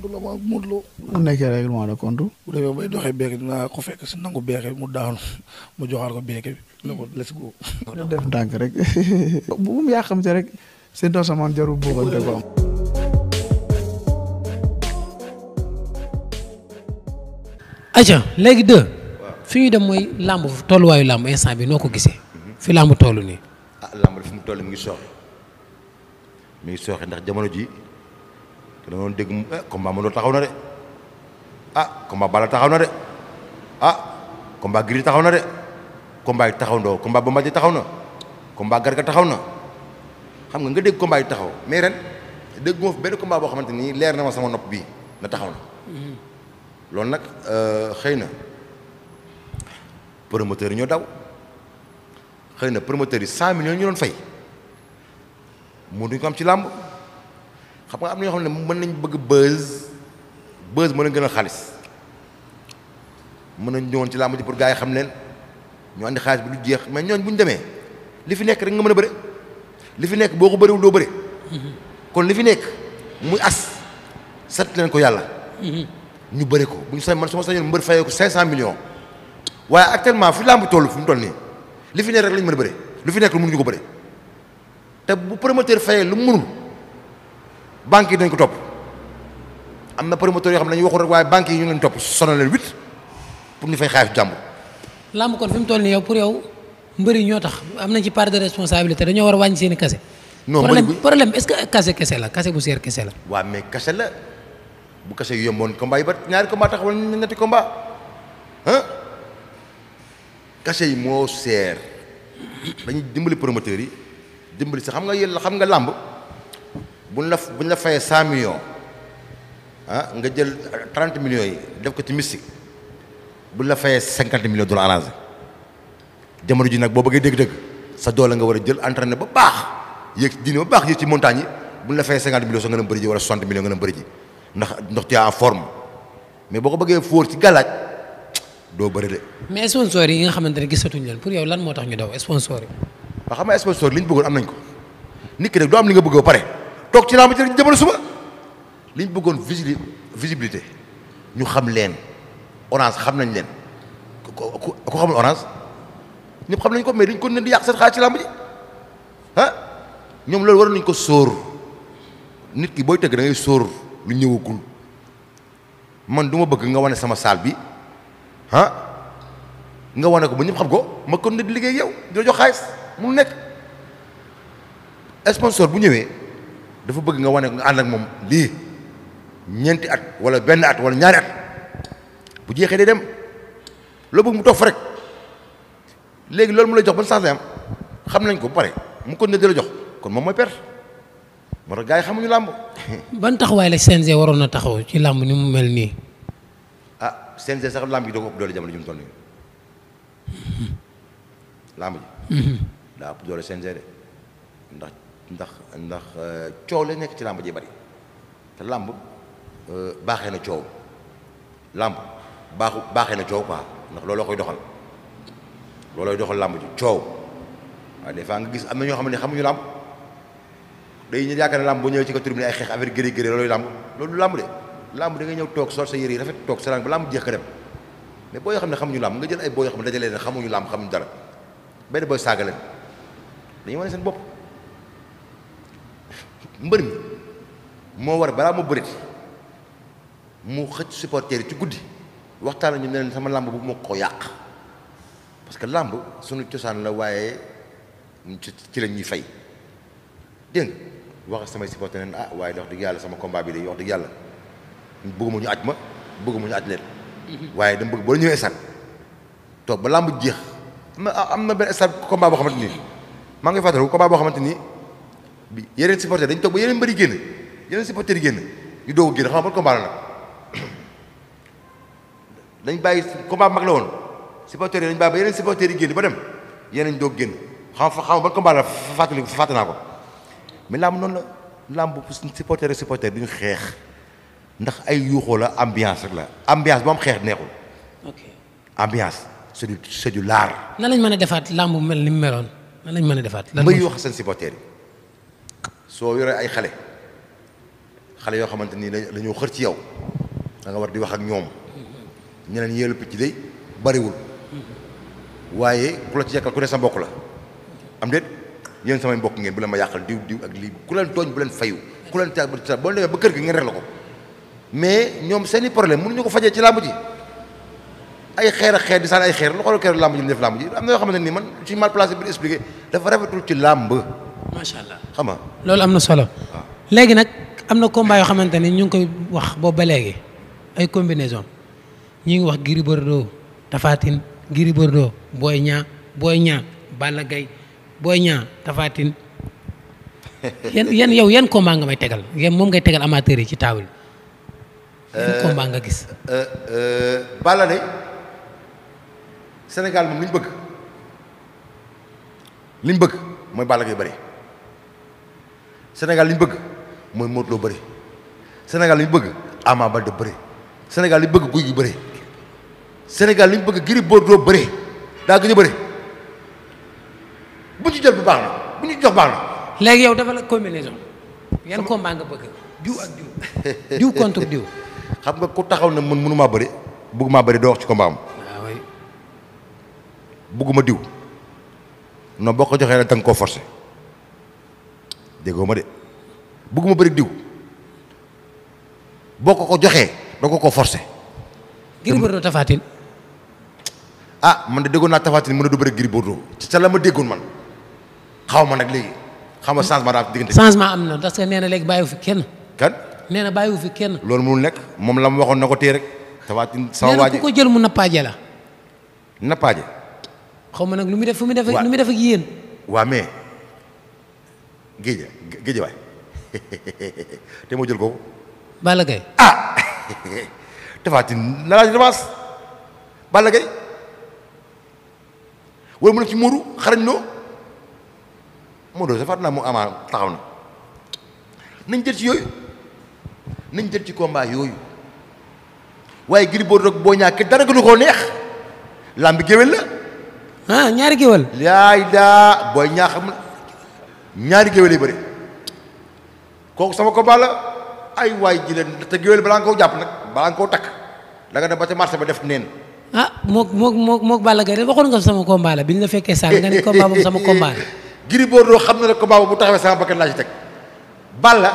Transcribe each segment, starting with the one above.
tontu la ma muurloo. mu nekkee règlement de compte. bu demee bay doxee beeke dinaa ko fekk si nangu beeke mu daanu mu joxaat ko beeke bi. ne ko def ndànk rek bu mu yàqamte rek seen doo sama jarul buuxante ko am. aja mooy làmb tolluwaayu làmb instant bi noo ko gisee fi làmb toll nii ah làmb fi mu toll mi ngi sooxe mi ngi sooxe ndax jamono ji da nga doon dégg mu eh taxaw na de ah combat Balla taxaw na de ah combat Gris taxaw na de combat yi taxaw ndoo combat Bombardier taxaw na combat Garga taxaw na xam nga nga dégg combat yi taxaw mais ren dégg moo fi benn combat boo xamante nii leer na ma sama nopp bii na taxaw na mm-hmm. loolu nag euh, xëy na promoteurs yi ñoo daw xëy na promoteurs yi cent millions ñu doon fay mënuñu ko am ci làmb xam nga am na ñoo xam ne mën nañ bëgg buzz buzz mën a gën a xaalis mën nañ ñëwoon ci làmb ji pour gars yi xam leen ñu andi xaalis bi du jeex mais ñooñ bu ñu demee li fi nekk rek nga mën a bëre li fi nekk boo ko bëriwul doo bëre mm-hmm. kon li fi nekk muy as set leen ko yàlla mm-hmm. ñu bëri ko bu ñu sañ man su ma sañoon mbër fayee ko cinq cent millions waaye actuellement fi làmb toll fu mu toll nii li fi nekk rek lañ mën a bëre lu fi nekk lu mënuñu ko bëre te bu promoteur fayee lu mënul banque yi dañ ko topp am na promoteurs yoo xam ne dañuy waaye banques yi ñu ngi leen topp sonal leen huit pour ñu fay xaalis jàmbur. làmb kon fi toll ni yow pour yow mbër yi ñoo tax am nañ ci part de responsabilité dañoo war a wàññi seen i kase. non problème problème est-ce que kase kese la kase bu seer kese la. waaw mais kase la bu kase yu yomboon combat yi ba ñaari combat taxawal ñetti combat ah kase yi moo seer dañuy dimbali promoteurs yi dimbali sax xam nga yéen xam nga làmb. buñ la buñ la fayee cent millions ah nga jël trente millions yi def ko ci mystique buñ la fayee cinquante millions du la arrangé jamono ji nag boo bëggee dëgg-dëgg sa doole nga war a jël entraîné ba baax yéeg ci diine ba baax yéeg ci montagne yi buñ la fayee cinquante millions sax nga dem bëri ji wala soixante millions nga dem bëri ji ndax ndox tu es en forme mais boo ko bëggee fóor ci gàllaaj doo bëri de. mais sponsor yi nga xamante ne gisatuñ leen pour yow lan moo tax ñu daw sponsor yi. waaw xam am nañ ko nit ki rek doo nga bëgg pare. toog ci làmb ji rek jëmale suba li liñ bëggoon visi visibilité ñu xam leen orange xam nañ leen ku xamul orange ñëpp xam nañ ko mais dañ ko nen di yàq seen ci làmb ñoom loolu war nañ ko sóor nit ki booy tëgg da ngay lu ñëwagul man du ma bëgg nga wane sama saal bi nga wane ko ba ñëpp xam ko ma kon ne di liggéey yow di la jox xaalis mu nekk sponsor bu ñëwee dafa bëgg nga wane nga ànd ak moom lii ñeenti at wala benn at wala ñaari at bu jeexee day dem loo bëgg mu toog fa rek léegi loolu mu la jox ban changé am xam nañ ko bu pare mu ko ne di la jox kon moom mooy perte moo tax gars yi xamuñu làmb. ban taxawaay la CNG waroon na taxaw ci làmb ni mu mel nii. ah CNG sax làmb yi doo ko ëpp doole jamono ji mu toll nii hmm. làmb ji. Hmm. daa ëpp doole CNG de ndax. ndax ndax euh, coow lay nekk ci làmb ji bari te làmb euh, baaxe na coow làmb baaxu baaxee na coow quoi ndax looloo koy doxal loolooy doxal làmb ji coow waaye des fois nga gis am na ñoo xam ne xamuñu làmb day ñu yaakaar ne làmb bu ñëwee ci ko tur bi ay xeex affaire gëré gëré loolooy làmb loolu làmb de nga toog sol sa làmb ba làmb jeex ka dem mais boo yoo xam ne xamuñu làmb nga jël ay boo xam ne dajalee ne xamuñu làmb xamuñu dara benn booy saaga leen dañuy wane seen bopp mbër mi moo war balaa ma bëreet mu xëcc supporter yi ci guddi waxtaan nañu ne sama làmb bu ma ko yàq parce que làmb suñu cosaan la waaye ci la ñuy fay dégg nga wax samay supporter ne ah waaye wax dëgg yàlla sama combat bi day wax dëgg yàlla bëgguma ñu aj ma bëgguma ñu aj leen mhm. waaye dama bëgg boo la ñëwee esat toog ba làmb jeex am na am na benn esat combat boo xamante nii maa ngi fàttaliku combat boo xamante nii bi yeneen supporter dañ toog ba yeneen bari génn yeneen supporter yi génn ñu doog génn xam nga ban combat la nag dañ bàyyi la woon supporter yi dañ ba yeneen supporter génn ba dem yeneen doog génn xam fa xam ban combat la fàttali fàtte naa ko mais làmb noonu la làmb supporter ak supporter duñu xeex ndax ay yuuxoo la ambiance rek la ambiance bu am xeex neexul. ok ambiance c'est na c'est du lard. nan lañ mën mel ni mu meloon nan lañ mën a defaat. lan mooy wax seen supporter yi. soo yoree ay xale xale yoo xamante ni dañoo xër ci yow danga nga war di wax ak ñoom ñeneen yeelu picc day bariwul waaye ku la ci yàqal ku ne sa mbokk la am déet yéen samay mbokk ngeen bu leen ma yàqal diw diw ak lii ku leen tooñ bu leen fayu ku leen taal bu leen boo demee ba kër gi ngeen rek la ko mais ñoom seen seeni problème mënuñu ko fajee ci làmb ji ay xeer ak xeer di saan ay xeer lu xool keroog làmb ji def làmb ji am na yoo xamante man ci mal placé bi expliqué dafa rafetul ci làmb macha allah xam loolu am na solo. Ah. léegi nag am na combat yoo xamante ne ñu ngi koy wax boobu ba léegi ay combinaison ñi ngi wax Gris Bordeaux Tapha Tine Gris Bordeaux Boy Niang Boy Niang Balla Gaye booy Niang Tapha Tine yan yan yow yan combat nga may tegal yan moom ngay tegal amateur yi ci table euh, yan nga gis. Euh, euh, Balla de Sénégal moom li bëgg li bëgg mooy Balla Gaye bëri. Sénégal li bëgg mooy Modou Lo bëri Sénégal li ñu bëgg Ama Baldé bëri Sénégal li bëgg Gouye Gui bëri Sénégal li bëgg Gris Bordeaux bëri daa gëj a bëri bu ñu jël bi baax na bu ñu jox baax na. léegi yow dafa la combinaison. yan combat nga bëgg diw ak diw diw contre diw. xam nga ku taxaw ne man mënumaa bëri bëgguma bëri doo wax ci combat am. waaw ah diw non boo ko joxee rek da nga koo forcer. déggoo ma de bëgguma bëri diw boo ko ko joxee doo ko ko forcé Gris Bordeaux Tapha Tine ah man de déggoon naa Tapha Tine mën na du bëri Gris Bordeaux la ma déggoon man xaw ma nag léegi xaw ma changement daa diggante changement am na parce que nee na léegi bàyyiwu fi kenn kan nee na bàyyiwu fi kenn loolu mënul nekk moom la mu waxoon na ko téye rek Tapha Tine sama waa ko jël mu nappaaje la nappaaje xaw ma nag lu mu def fu muy defee lu muy def yéen géej géej waay te moo jël kooku. Balla ah Tapha Tine la laaj revanche Balla Gaye ci Modou xarañ loo Modou safaat naa mu amaa taxaw na nañ jël ci yooyu nañ jël ci combat yooyu waaye Gris Bordeaux boo ñàkk dara gënu koo neex ah ñaari géwél. yaay daa booy ñaari géwél yi bëri kooku sama combat la ay waay ji leen te géwél balaa nga koo jàpp nag balaa nga koo takk danga nga dem ba ca marché ba def neen. ah mook mook mook mook Balla Gaye waxoon nga sama combat bi ñu la fekkee sànq nga ne combat boobu sama combat la. Eh, eh, eh, xam na ne combat boobu bu taxawee sama bakkan laa ci teg Balla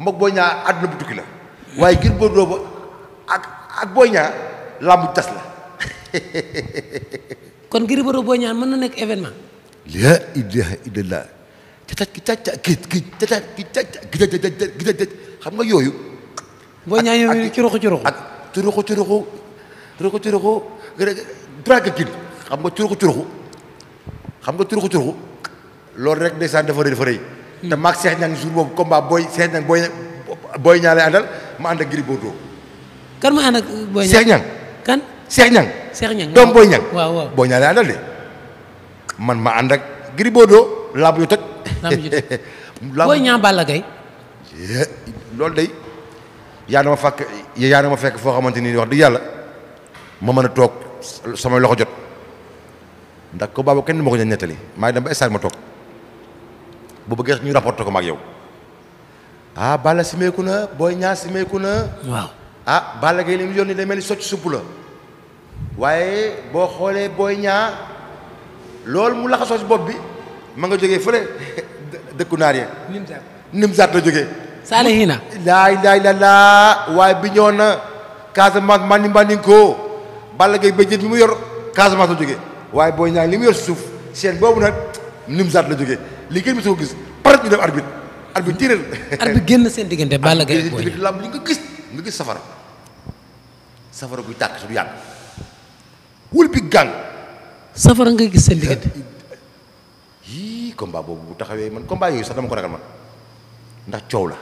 mook Boy àdduna bu tukki la waaye Gris Bordeaux ba ak ak Boy Niang làmbu tas la. kon Gris Bordeaux Boy Niang mën na nekk événement. la ilaha illallah catat ki caca ki ki catat ki caca ki xam nga yooyu. boo ñaañu ci ruxu ci ruxu ak ci ruxu ci ruxu ruxu ci ruxu drague kii xam nga ci ruxu ci ruxu xam nga ci ruxu ci ruxu loolu rek ndeysaan dafa rëy dafa rëy. te maag Cheikh Niang jour boobu combat booy Cheikh Niang booy booy ñaale àndal ma ànd ak Gris Bordeaux. kan ma ànd ak booy ñaale Cheikh Niang. kan Cheikh Niang. Cheikh Niang doom booy Niang. waaw waaw booy ñaale àndal de. man ma ànd ak Gris Bordeaux làmb yu toj. làmb yu toj Boy Niang Balla Gaye eh, loolu day yaa na ma fàkk yaa na ma fekk foo xamante ni wax dëgg yàlla ma mën a toog samay loxo jot ndax ko baabu kenn ma ko ñu nettali maa ngi dem ma toog bu bëggee ñu rapporté ko ma ak yow ah, Balla simeeku na booy Niang simeeku na. waaw ah Balla Gaye li mu yónni day mel ni socc supp la waaye boo xoolee Boy Niang. loolu mu laxasoo ci bopp bi ma nga jógee fële dëkku naar ya Nimzaat Nimzaat la jógee. Salihina. laay laay la laa waaye bi ñëw na Casamance mani mani ko Balla Gaye bëjjët bi mu yor Casamance la jóge waaye booy ñaar li mu yor suuf seen boobu nag Nimzaat la jóge li kenn soo gis par ñu def arbitre. arbitre tiiral. arbitre génn seen diggante Balla Gaye booy lamb li nga gis nga gis safara safara guy tàkk su du yàgg wul bi gàng. safara nga gis seen diggante. yii combat boobu bu taxawee man combat yooyu sax dama ko ragal man ndax coow la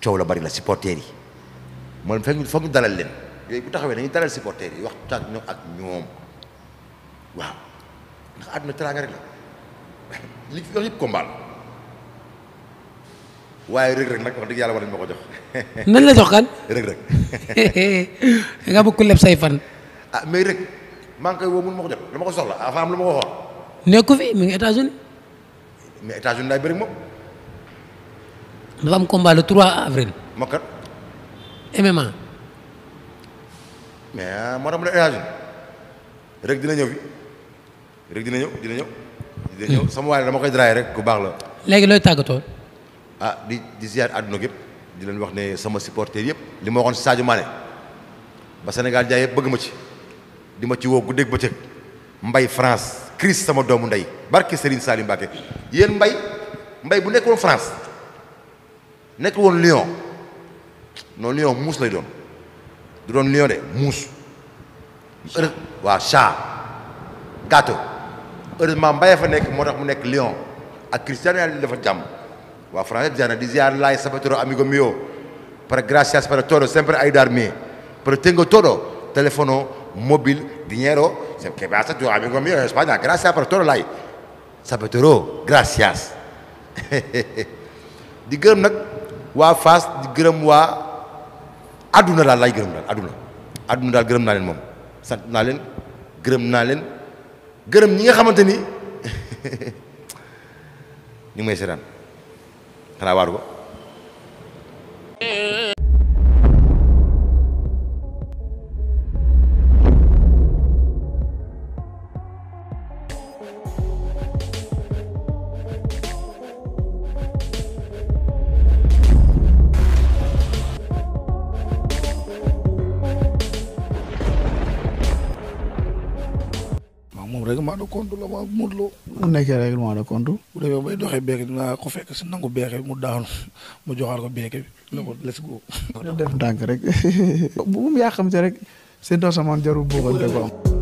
coow la bari la supporters yi man fekk foog ñu dalal leen yooyu bu taxawee dañuy dalal supporters yi waxtaan ñoom ak ñoom waaw ndax àdduna teraanga rek la li fi wax yëpp combat la nag wax dëgg yàlla war nañ ko jox. la jox kan. rëg rëg. nga bëgg ku leb say fan. ah mais rëg. maa ngi koy woo mun ma ko jot dama ko soxla avant am lu ma ko waxoon. nekku fi mi ngi États-Unis mais États-Unis bëri moom. dafa am combat le 3 avril. moo kat. MMA. mais ah, moo tax mu ne états rek dina ñëw fi rek dina ñëw dina ñëw. dina ñëw hmm. sama waay dama koy draay rek ku baax la. léegi looy tàggatoo. ah di di ziar àdduna gépp di leen wax ne sama supporter yëpp li ma waxoon si Sadio ba Sénégal jaay yëpp bëgg ma ci. di ma ci woo guddeeg bëccëg mbay France Chris sama doomu ndey barke Serigne Salim Mbacké yéen mbay mbay bu nekk woon France nekk woon Lyon non Lyon muus lay doon du doon Lyon de muus waaw chat gâteau heureusement mbayee fa nekk moo tax mu nekk Lyon ak Cristiano Ronaldo dafa jàmm waa France diana di ziar laay sabatoro amigo mio per gracias per todo sempre aiutarmi per tengo todo telefono móvil, dinero, que vas a tu amigo mío en España, gracias por todo lay San Petro gracias di gërëm nag waa Fass di gërëm waa àdduna daal lay gërëm daal àdduna àdduna daal gërëm naa leen moom sant naa leen gërëm naa leen gërëm ñi nga xamante ni ñu ngi may seetaan règlement de compte la ma Modou Lo. mu nekkee règlement de compte. bu demee bay doxee beeke dinaa ko fekk si nangu beeke mu daanu mu joxaat ko beeke bi. ne ko let's def ndànk rek bu mu yaa xam rek seen doosamaan jarul boobu ko am.